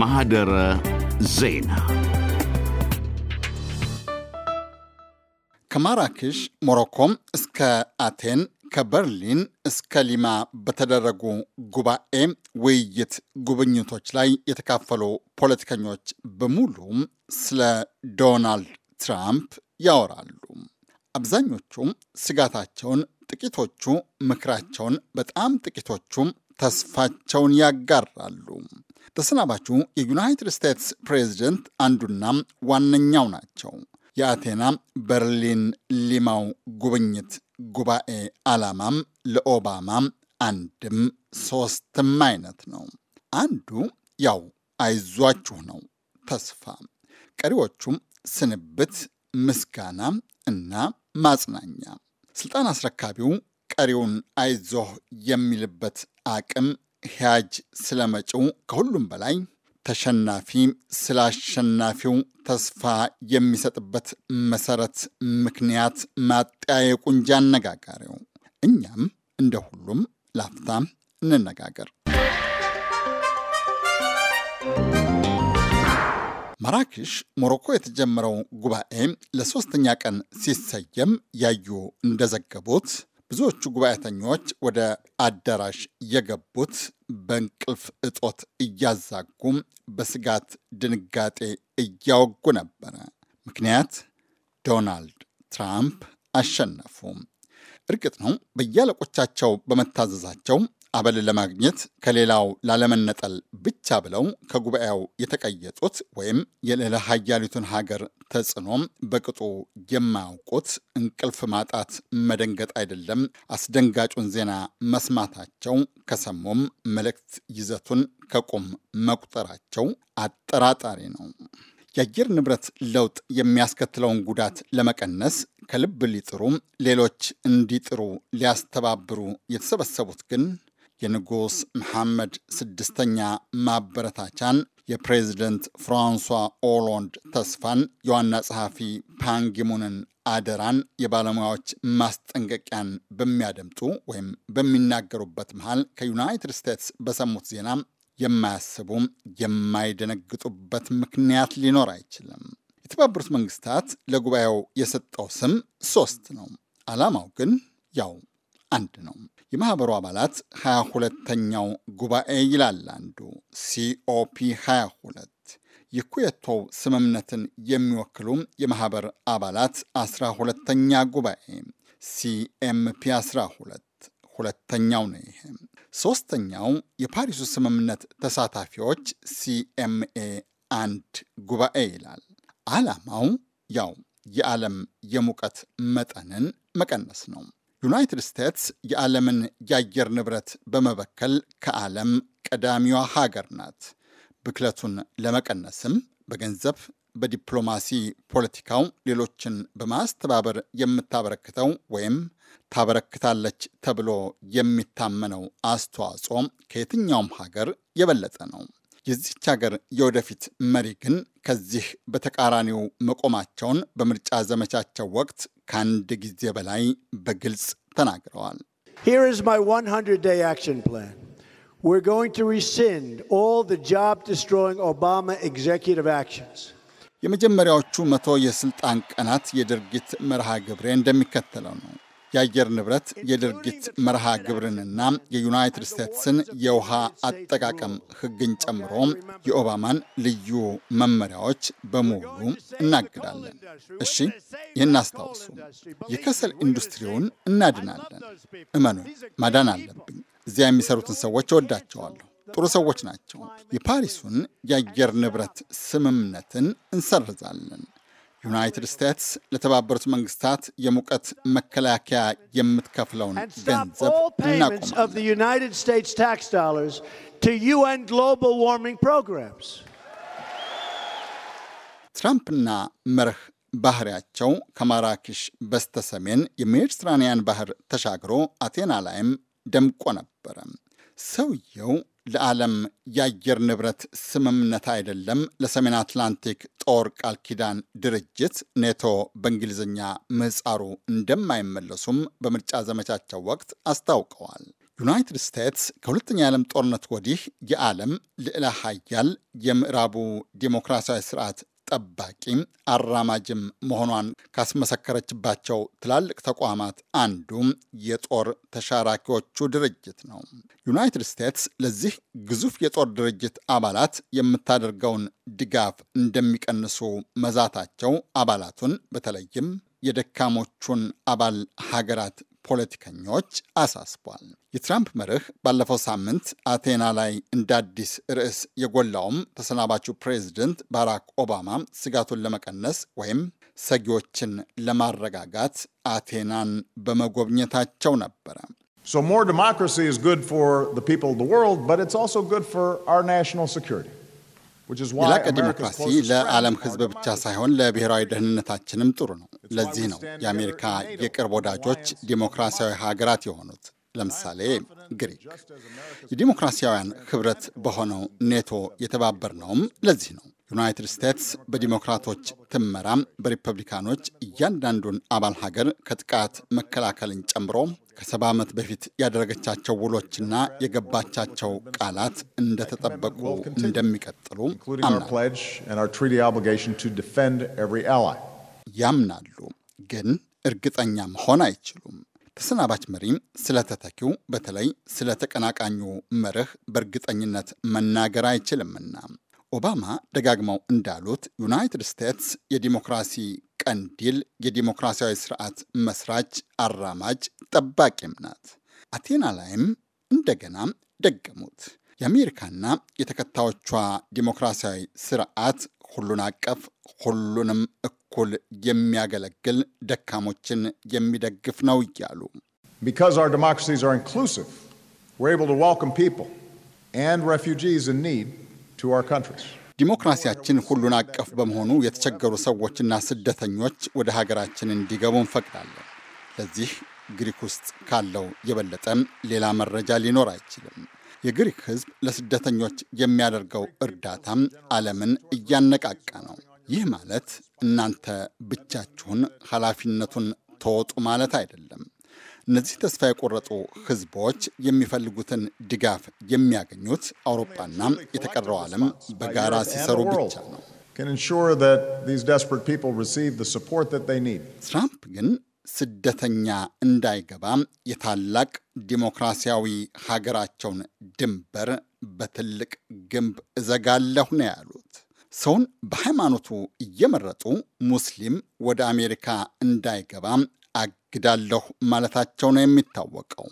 ማህደረ ዜና ከማራኬሽ ሞሮኮም እስከ አቴን ከበርሊን እስከ ሊማ በተደረጉ ጉባኤ ውይይት ጉብኝቶች ላይ የተካፈሉ ፖለቲከኞች በሙሉ ስለ ዶናልድ ትራምፕ ያወራሉ። አብዛኞቹም ስጋታቸውን ጥቂቶቹ ምክራቸውን፣ በጣም ጥቂቶቹም ተስፋቸውን ያጋራሉ። ተሰናባቹ የዩናይትድ ስቴትስ ፕሬዝደንት አንዱና ዋነኛው ናቸው። የአቴና በርሊን ሊማው ጉብኝት ጉባኤ ዓላማም ለኦባማ አንድም ሶስትም አይነት ነው። አንዱ ያው አይዟችሁ ነው ተስፋ፣ ቀሪዎቹም ስንብት፣ ምስጋና እና ማጽናኛ ስልጣን አስረካቢው ቀሪውን አይዞህ የሚልበት አቅም ሕያጅ ስለመጪው ከሁሉም በላይ ተሸናፊ ስለ አሸናፊው ተስፋ የሚሰጥበት መሰረት ምክንያት ማጠያየቁ እንጂ አነጋጋሪው። እኛም እንደ ሁሉም ላፍታም እንነጋገር። ማራኬሽ ሞሮኮ የተጀመረው ጉባኤ ለሶስተኛ ቀን ሲሰየም ያዩ እንደዘገቡት ብዙዎቹ ጉባኤተኞች ወደ አዳራሽ የገቡት በእንቅልፍ እጦት እያዛጉ በስጋት ድንጋጤ እያወጉ ነበረ። ምክንያት ዶናልድ ትራምፕ አሸነፉ። እርግጥ ነው በያለቆቻቸው በመታዘዛቸው አበል ለማግኘት ከሌላው ላለመነጠል ብቻ ብለው ከጉባኤው የተቀየጡት ወይም የልዕለ ሀያሊቱን ሀገር ተጽዕኖም በቅጡ የማያውቁት እንቅልፍ ማጣት መደንገጥ አይደለም አስደንጋጩን ዜና መስማታቸው ከሰሙም መልእክት ይዘቱን ከቁም መቁጠራቸው አጠራጣሪ ነው። የአየር ንብረት ለውጥ የሚያስከትለውን ጉዳት ለመቀነስ ከልብ ሊጥሩ ሌሎች እንዲጥሩ ሊያስተባብሩ የተሰበሰቡት ግን የንጉሥ መሐመድ ስድስተኛ ማበረታቻን የፕሬዝደንት ፍራንሷ ኦሎንድ ተስፋን የዋና ጸሐፊ ፓንጊሙንን አደራን የባለሙያዎች ማስጠንቀቂያን በሚያደምጡ ወይም በሚናገሩበት መሃል ከዩናይትድ ስቴትስ በሰሙት ዜና የማያስቡም የማይደነግጡበት ምክንያት ሊኖር አይችልም። የተባበሩት መንግስታት ለጉባኤው የሰጠው ስም ሶስት ነው። ዓላማው ግን ያው አንድ ነው። የማህበሩ አባላት 22ተኛው ጉባኤ ይላል አንዱ ሲኦፒ 22 የኩዌቶው ስምምነትን የሚወክሉ የማህበር አባላት 12ተኛ ጉባኤ ሲኤምፒ 12 ሁለተኛው ነው። ይሄ ሶስተኛው የፓሪሱ ስምምነት ተሳታፊዎች ሲኤምኤ አንድ ጉባኤ ይላል። ዓላማው ያው የዓለም የሙቀት መጠንን መቀነስ ነው። ዩናይትድ ስቴትስ የዓለምን የአየር ንብረት በመበከል ከዓለም ቀዳሚዋ ሀገር ናት። ብክለቱን ለመቀነስም በገንዘብ፣ በዲፕሎማሲ፣ ፖለቲካው ሌሎችን በማስተባበር የምታበረክተው ወይም ታበረክታለች ተብሎ የሚታመነው አስተዋጽኦ ከየትኛውም ሀገር የበለጠ ነው። የዚች ሀገር የወደፊት መሪ ግን ከዚህ በተቃራኒው መቆማቸውን በምርጫ ዘመቻቸው ወቅት ከአንድ ጊዜ በላይ በግልጽ ተናግረዋል። የመጀመሪያዎቹ መቶ የስልጣን ቀናት የድርጊት መርሃ ግብሬ እንደሚከተለው ነው። የአየር ንብረት የድርጊት መርሃ ግብርንና የዩናይትድ ስቴትስን የውሃ አጠቃቀም ሕግን ጨምሮ የኦባማን ልዩ መመሪያዎች በሙሉ እናግዳለን። እሺ፣ ይህን አስታውሱ። የከሰል ኢንዱስትሪውን እናድናለን። እመኑ፣ ማዳን አለብኝ። እዚያ የሚሰሩትን ሰዎች እወዳቸዋለሁ። ጥሩ ሰዎች ናቸው። የፓሪሱን የአየር ንብረት ስምምነትን እንሰርዛለን። ዩናይትድ ስቴትስ ለተባበሩት መንግስታት የሙቀት መከላከያ የምትከፍለውን ገንዘብ እናቆማለን። ትራምፕና መርህ ባህሪያቸው ከማራኪሽ በስተሰሜን የሜዲትራንያን ባህር ተሻግሮ አቴና ላይም ደምቆ ነበረ። ሰውየው ለዓለም የአየር ንብረት ስምምነት አይደለም ለሰሜን አትላንቲክ ጦር ቃል ኪዳን ድርጅት ኔቶ በእንግሊዝኛ ምህጻሩ እንደማይመለሱም በምርጫ ዘመቻቸው ወቅት አስታውቀዋል። ዩናይትድ ስቴትስ ከሁለተኛ የዓለም ጦርነት ወዲህ የዓለም ልዕለ ሀያል የምዕራቡ ዴሞክራሲያዊ ስርዓት ጠባቂም አራማጅም መሆኗን ካስመሰከረችባቸው ትላልቅ ተቋማት አንዱ የጦር ተሻራኪዎቹ ድርጅት ነው። ዩናይትድ ስቴትስ ለዚህ ግዙፍ የጦር ድርጅት አባላት የምታደርገውን ድጋፍ እንደሚቀንሱ መዛታቸው አባላቱን በተለይም የደካሞቹን አባል ሀገራት ፖለቲከኞች አሳስቧል። የትራምፕ መርህ ባለፈው ሳምንት አቴና ላይ እንደ አዲስ ርዕስ የጎላውም ተሰናባቹ ፕሬዚደንት ባራክ ኦባማ ስጋቱን ለመቀነስ ወይም ሰጊዎችን ለማረጋጋት አቴናን በመጎብኘታቸው ነበረ። So more democracy is good for the people of the world, but it's also good for our national security. የላቀ ዲሞክራሲ ለዓለም ሕዝብ ብቻ ሳይሆን ለብሔራዊ ደህንነታችንም ጥሩ ነው። ለዚህ ነው የአሜሪካ የቅርብ ወዳጆች ዲሞክራሲያዊ ሀገራት የሆኑት። ለምሳሌ ግሪክ የዲሞክራሲያውያን ህብረት በሆነው ኔቶ የተባበር ነውም። ለዚህ ነው። ዩናይትድ ስቴትስ በዲሞክራቶች ትመራም በሪፐብሊካኖች እያንዳንዱን አባል ሀገር ከጥቃት መከላከልን ጨምሮ ከሰባ ዓመት በፊት ያደረገቻቸው ውሎችና የገባቻቸው ቃላት እንደተጠበቁ እንደሚቀጥሉ አምናል። ያምናሉ፣ ግን እርግጠኛ መሆን አይችሉም። ተሰናባች መሪም ስለ ተተኪው በተለይ ስለ ተቀናቃኙ መርህ በእርግጠኝነት መናገር አይችልምና ኦባማ ደጋግመው እንዳሉት ዩናይትድ ስቴትስ የዲሞክራሲ ቀንዲል፣ የዲሞክራሲያዊ ስርዓት መስራች፣ አራማጅ፣ ጠባቂም ናት። አቴና ላይም እንደገና ደገሙት። የአሜሪካና የተከታዮቿ ዲሞክራሲያዊ ስርዓት ሁሉን አቀፍ፣ ሁሉንም በኩል የሚያገለግል ደካሞችን የሚደግፍ ነው እያሉ ዲሞክራሲያችን ሁሉን አቀፍ በመሆኑ የተቸገሩ ሰዎችና ስደተኞች ወደ ሀገራችን እንዲገቡ እንፈቅዳለን። ለዚህ ግሪክ ውስጥ ካለው የበለጠም ሌላ መረጃ ሊኖር አይችልም። የግሪክ ሕዝብ ለስደተኞች የሚያደርገው እርዳታም ዓለምን እያነቃቃ ነው። ይህ ማለት እናንተ ብቻችሁን ኃላፊነቱን ተወጡ ማለት አይደለም። እነዚህ ተስፋ የቆረጡ ህዝቦች የሚፈልጉትን ድጋፍ የሚያገኙት አውሮፓና የተቀረው ዓለም በጋራ ሲሰሩ ብቻ ነው። ትራምፕ ግን ስደተኛ እንዳይገባ የታላቅ ዲሞክራሲያዊ ሀገራቸውን ድንበር በትልቅ ግንብ እዘጋለሁ ነው ያሉት። ሰውን በሃይማኖቱ እየመረጡ ሙስሊም ወደ አሜሪካ እንዳይገባም አግዳለሁ ማለታቸው ነው የሚታወቀው።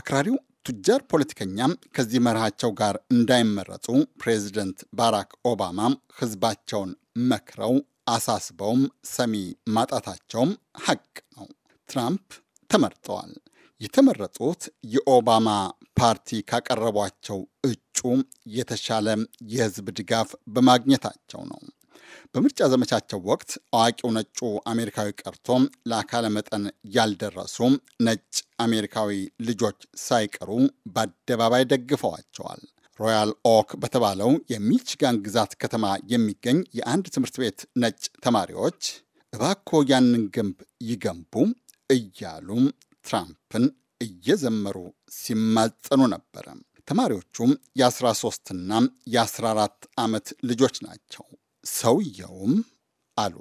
አክራሪው ቱጃር ፖለቲከኛም ከዚህ መርሃቸው ጋር እንዳይመረጡ ፕሬዚደንት ባራክ ኦባማም ህዝባቸውን መክረው አሳስበውም ሰሚ ማጣታቸውም ሀቅ ነው። ትራምፕ ተመርጠዋል። የተመረጡት የኦባማ ፓርቲ ካቀረቧቸው እጩ የተሻለ የህዝብ ድጋፍ በማግኘታቸው ነው። በምርጫ ዘመቻቸው ወቅት አዋቂው ነጩ አሜሪካዊ ቀርቶ ለአካለ መጠን ያልደረሱ ነጭ አሜሪካዊ ልጆች ሳይቀሩ በአደባባይ ደግፈዋቸዋል። ሮያል ኦክ በተባለው የሚችጋን ግዛት ከተማ የሚገኝ የአንድ ትምህርት ቤት ነጭ ተማሪዎች እባኮ ያንን ግንብ ይገንቡ እያሉ ትራምፕን እየዘመሩ ሲማጸኑ ነበረ። ተማሪዎቹም የ13ና የ14 ዓመት ልጆች ናቸው። ሰውየውም አሉ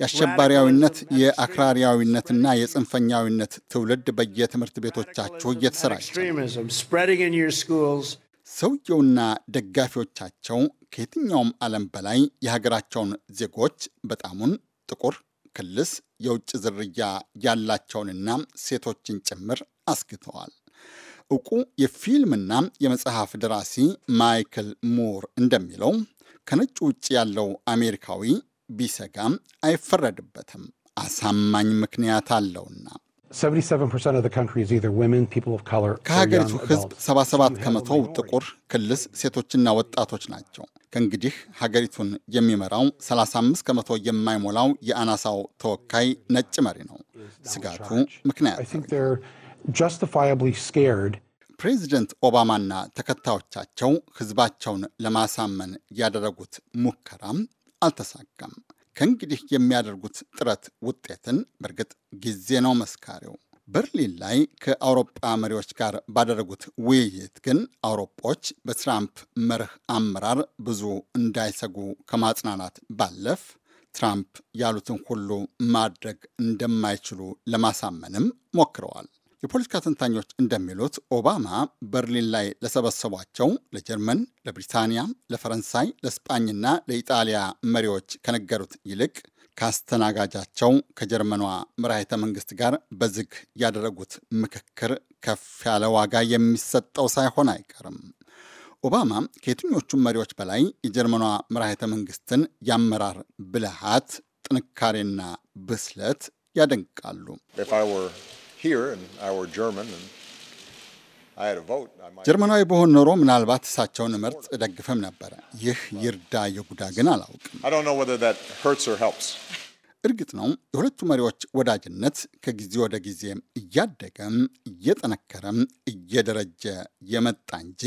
የአሸባሪያዊነት የአክራሪያዊነትና የጽንፈኛዊነት ትውልድ በየትምህርት ቤቶቻችሁ እየተሰራጨ ሰውየውና ደጋፊዎቻቸው ከየትኛውም ዓለም በላይ የሀገራቸውን ዜጎች በጣሙን ጥቁር ክልስ የውጭ ዝርያ ያላቸውንና ሴቶችን ጭምር አስግተዋል። እውቁ የፊልምና የመጽሐፍ ደራሲ ማይክል ሙር እንደሚለው ከነጭ ውጭ ያለው አሜሪካዊ ቢሰጋም አይፈረድበትም፣ አሳማኝ ምክንያት አለውና። ከሀገሪቱ ህዝብ 77 ከመቶው ጥቁር፣ ክልስ ሴቶችና ወጣቶች ናቸው። ከእንግዲህ ሀገሪቱን የሚመራው 35 ከመቶ የማይሞላው የአናሳው ተወካይ ነጭ መሪ ነው። ስጋቱ ምክንያት ፕሬዚደንት ኦባማና ተከታዮቻቸው ህዝባቸውን ለማሳመን ያደረጉት ሙከራም አልተሳካም። ከእንግዲህ የሚያደርጉት ጥረት ውጤትን በእርግጥ ጊዜ ነው መስካሪው። በርሊን ላይ ከአውሮጳ መሪዎች ጋር ባደረጉት ውይይት ግን አውሮጶች በትራምፕ መርህ አመራር ብዙ እንዳይሰጉ ከማጽናናት ባለፍ ትራምፕ ያሉትን ሁሉ ማድረግ እንደማይችሉ ለማሳመንም ሞክረዋል። የፖለቲካ ተንታኞች እንደሚሉት ኦባማ በርሊን ላይ ለሰበሰቧቸው ለጀርመን፣ ለብሪታንያ፣ ለፈረንሳይ፣ ለስጳኝና ለኢጣሊያ መሪዎች ከነገሩት ይልቅ ካስተናጋጃቸው ከጀርመኗ መራሄተ መንግስት ጋር በዝግ ያደረጉት ምክክር ከፍ ያለ ዋጋ የሚሰጠው ሳይሆን አይቀርም። ኦባማ ከየትኞቹም መሪዎች በላይ የጀርመኗ መራሄተ መንግስትን የአመራር ብልሃት፣ ጥንካሬና ብስለት ያደንቃሉ። ጀርመናዊ በሆን ኖሮ ምናልባት እሳቸውን መርጥ ደግፈም ነበረ። ይህ ይርዳ የጉዳ ግን አላውቅም። እርግጥ ነው የሁለቱ መሪዎች ወዳጅነት ከጊዜ ወደ ጊዜም እያደገም እየጠነከረም እየደረጀ የመጣ እንጂ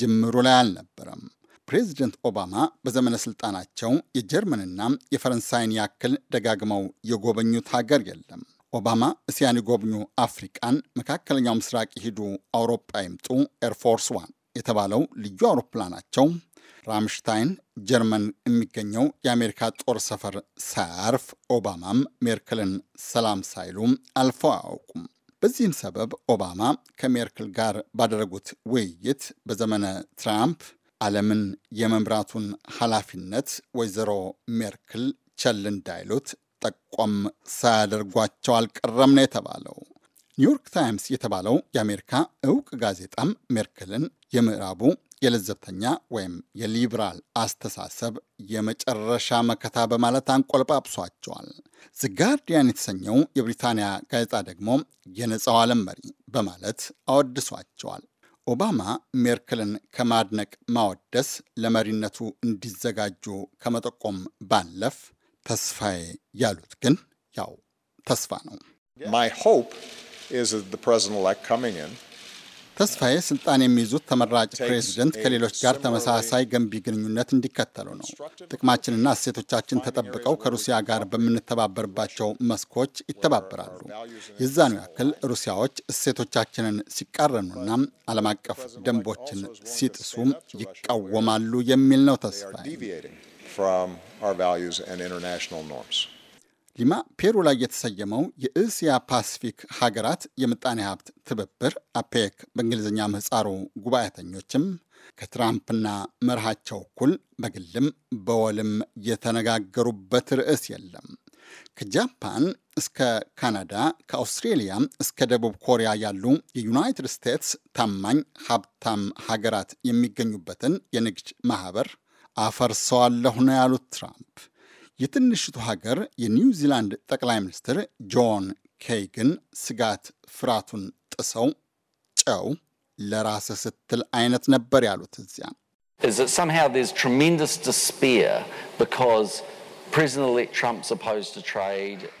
ጅምሩ ላይ አልነበረም። ፕሬዚደንት ኦባማ በዘመነ ስልጣናቸው የጀርመንና የፈረንሳይን ያክል ደጋግመው የጎበኙት ሀገር የለም። ኦባማ እስያን ይጎብኙ፣ አፍሪቃን፣ መካከለኛው ምስራቅ ይሂዱ፣ አውሮፓ ይምጡ ኤርፎርስ ዋን የተባለው ልዩ አውሮፕላናቸው ራምሽታይን ጀርመን የሚገኘው የአሜሪካ ጦር ሰፈር ሳያርፍ ኦባማም ሜርክልን ሰላም ሳይሉ አልፈው አያውቁም። በዚህም ሰበብ ኦባማ ከሜርክል ጋር ባደረጉት ውይይት በዘመነ ትራምፕ ዓለምን የመምራቱን ኃላፊነት ወይዘሮ ሜርክል ቸል እንዳይሉት ጠቆም ሳያደርጓቸው አልቀረም ነው የተባለው። ኒውዮርክ ታይምስ የተባለው የአሜሪካ እውቅ ጋዜጣም ሜርክልን የምዕራቡ የለዘብተኛ ወይም የሊብራል አስተሳሰብ የመጨረሻ መከታ በማለት አንቆልጳጵሷቸዋል። ዝጋርዲያን የተሰኘው የብሪታንያ ጋዜጣ ደግሞ የነፃው ዓለም መሪ በማለት አወድሷቸዋል። ኦባማ ሜርክልን ከማድነቅ ማወደስ ለመሪነቱ እንዲዘጋጁ ከመጠቆም ባለፍ ተስፋዬ ያሉት ግን ያው ተስፋ ነው። ተስፋዬ ስልጣን የሚይዙት ተመራጭ ፕሬዚደንት ከሌሎች ጋር ተመሳሳይ ገንቢ ግንኙነት እንዲከተሉ ነው። ጥቅማችንና እሴቶቻችን ተጠብቀው ከሩሲያ ጋር በምንተባበርባቸው መስኮች ይተባበራሉ። የዛኑ ያክል ሩሲያዎች እሴቶቻችንን ሲቃረኑና ዓለም አቀፍ ደንቦችን ሲጥሱ ይቃወማሉ የሚል ነው ተስፋዬ from our values and international norms. ሊማ ፔሩ ላይ የተሰየመው የእስያ ፓሲፊክ ሀገራት የምጣኔ ሀብት ትብብር አፔክ በእንግሊዝኛ ምህፃሩ ጉባኤተኞችም ከትራምፕና መርሃቸው እኩል በግልም በወልም የተነጋገሩበት ርዕስ የለም። ከጃፓን እስከ ካናዳ ከአውስትሬሊያ እስከ ደቡብ ኮሪያ ያሉ የዩናይትድ ስቴትስ ታማኝ ሀብታም ሀገራት የሚገኙበትን የንግድ ማህበር አፈርሰዋለሁ ነው ያሉት ትራምፕ። የትንሽቱ ሀገር የኒውዚላንድ ጠቅላይ ሚኒስትር ጆን ኬይግን ስጋት ፍራቱን ጥሰው ጨው ለራሰ ስትል አይነት ነበር ያሉት እዚያ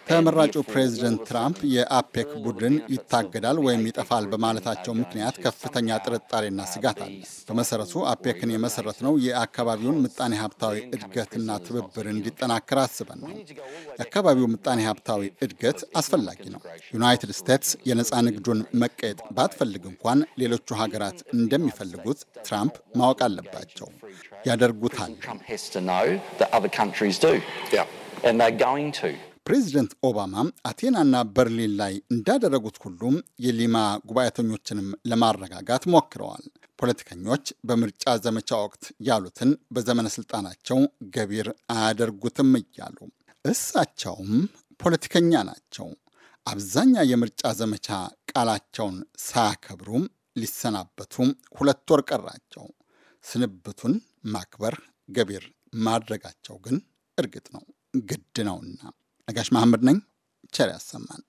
ተመራጩ ፕሬዚደንት ትራምፕ የአፔክ ቡድን ይታገዳል ወይም ይጠፋል በማለታቸው ምክንያት ከፍተኛ ጥርጣሬና ስጋት አለ። በመሰረቱ አፔክን የመሰረት ነው የአካባቢውን ምጣኔ ሀብታዊ እድገትና ትብብር እንዲጠናከር አስበን ነው። የአካባቢው ምጣኔ ሀብታዊ እድገት አስፈላጊ ነው። ዩናይትድ ስቴትስ የነፃ ንግዱን መቀየጥ ባትፈልግ እንኳን ሌሎቹ ሀገራት እንደሚፈልጉት ትራምፕ ማወቅ አለባቸው። ያደርጉታል። ፕሬዚደንት ኦባማ አቴናና በርሊን ላይ እንዳደረጉት ሁሉም የሊማ ጉባኤተኞችንም ለማረጋጋት ሞክረዋል። ፖለቲከኞች በምርጫ ዘመቻ ወቅት ያሉትን በዘመነ ስልጣናቸው ገቢር አያደርጉትም እያሉ እሳቸውም ፖለቲከኛ ናቸው። አብዛኛው የምርጫ ዘመቻ ቃላቸውን ሳያከብሩም ሊሰናበቱ ሁለት ወር ቀራቸው። ስንብቱን ማክበር ገቢር ማድረጋቸው ግን እርግጥ ነው ግድ ነውና ነጋሽ መሐመድ ነኝ። ቸር ያሰማን።